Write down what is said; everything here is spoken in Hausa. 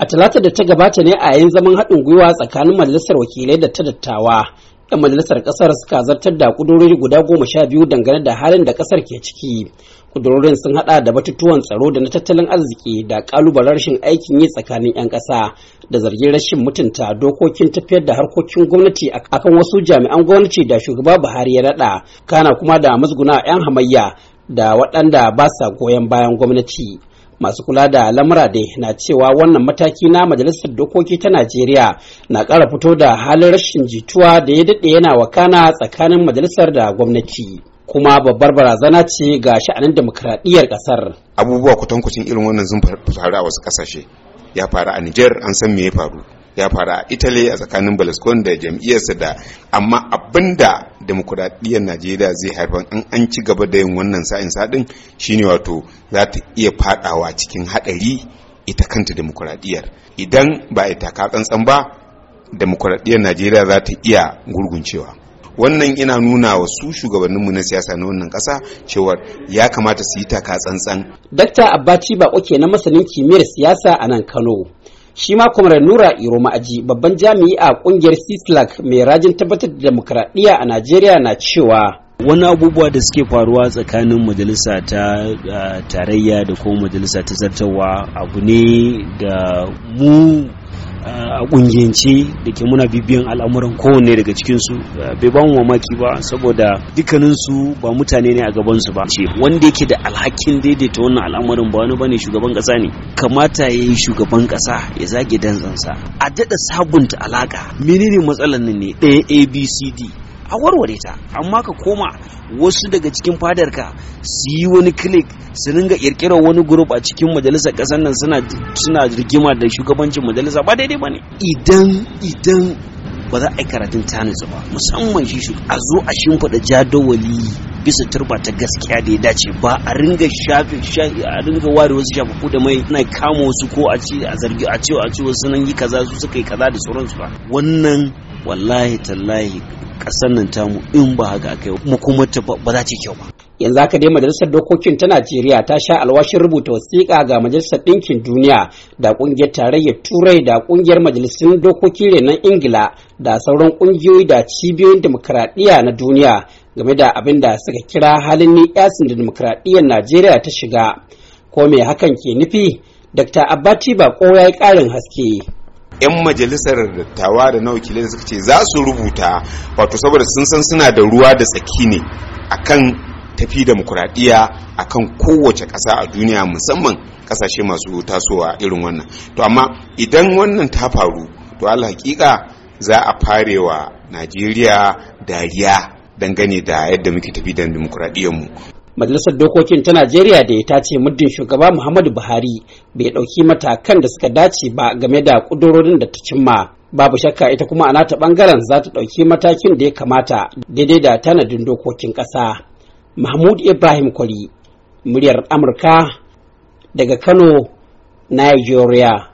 a talata da ta gabata ne a yayin zaman haɗin gwiwa tsakanin majalisar wakilai da ta dattawa yan majalisar ƙasar suka zartar da kudurori guda goma sha biyu dangane da halin da ƙasar ke ciki ƙudurorin sun haɗa da batutuwan tsaro da na tattalin arziki da ƙalubalen rashin aikin yi tsakanin 'yan ƙasa da zargin rashin mutunta dokokin tafiyar da harkokin gwamnati akan wasu jami'an gwamnati da shugaba buhari ya naɗa kana kuma da musguna 'yan hamayya da waɗanda ba sa goyon bayan gwamnati masu kula da lamura dai na cewa wannan mataki na majalisar dokoki ta najeriya na ƙara fito da halin rashin jituwa da ya daɗe yana wakana tsakanin majalisar da gwamnati kuma babbar barazana ce ga sha'anin demokradiyyar ƙasar abubuwa kutankucin irin wannan sun faru a wasu ƙasashe ya faru a Nijar an san me ya faru ya fara a italy a tsakanin balaskon da jam'iyyarsa da amma abinda demokuraɗiyyar najeriya zai haifar in an ci gaba da yin wannan sa'in sadin shine wato za ta iya fadawa cikin haɗari ita kanta demokuraɗiyyar idan ba a taka tsantsan ba demokuraɗiyyar najeriya za ta iya gurguncewa wannan ina nuna wa su shugabanninmu na siyasa na wannan ƙasa cewa ya kamata su yi taka tsantsan. Dakta abbaci Bako na masanin kimiyyar siyasa a nan Kano. shi ma kwamrar nura iro ma'aji babban jami'i a kungiyar sislak mai rajin tabbatar da demokradiyya a najeriya na cewa wani abubuwa da suke faruwa tsakanin majalisa ta ah, tarayya da kuma majalisa ta zartawa abu ne da mu a kungiyance da ke muna bibiyan al'amuran kowanne daga cikinsu bai ba mu mamaki ba saboda dukkaninsu ba mutane ne a gabansu ba ce wanda yake da alhakin daidaita wannan al'amarin ba wani bane shugaban kasa ne kamata ya yi shugaban kasa ya zage danzansa a daɗa sabunta alaka menene matsalar nan ne ɗaya abcd a warware ta amma ka koma wasu daga cikin fadarka su yi wani klik su ringa kirkirar wani grup a cikin majalisar kasar nan suna rigima da shugabancin majalisa ba daidai ba ne idan idan ba za a yi karatun tanisa ba musamman shi a zo a shimfiɗa jadawali bisa turba ta gaskiya da ya dace ba a ringa shafi a ringa ware wasu shafafu da mai na kama wasu ko a ci a zargi a cewa a ci wasu nan yi kaza su suka yi kaza da sauransu ba wannan wallahi tallahi kasar nan tamu in ba haka aka yi ba za ta kyau ba yanzu aka dai majalisar dokokin ta najeriya ta sha alwashin rubuta wasiƙa ga majalisar ɗinkin duniya da ƙungiyar tarayyar turai da ƙungiyar majalisun dokoki renon ingila da sauran ƙungiyoyi da cibiyoyin demokaradiyya na duniya game da abin da suka kira halin ni yasin da demokaradiyyar najeriya ta shiga ko me hakan ke nufi dr abbati ko ya yi ƙarin haske 'yan majalisar dattawa da na wakilai da suka ce za su rubuta wato saboda sun san suna da ruwa da tsaki ne akan tafi demokuraɗiyya kan kowace ƙasa a duniya musamman ƙasashe masu tasowa irin wannan to amma idan wannan ta faru to hakika za a wa najeriya dariya dangane da yadda muke tafi da mu majalisar dokokin ta najeriya da ta ce muddin shugaba muhammadu buhari bai ɗauki matakan da suka dace ba game da ƙudurorin da ta cimma babu shakka ita kuma a nata ɓangaren za ta ɗauki matakin da ya kamata daidai da tanadin dokokin ƙasa mahmud ibrahim kwari muryar amurka daga kano nigeria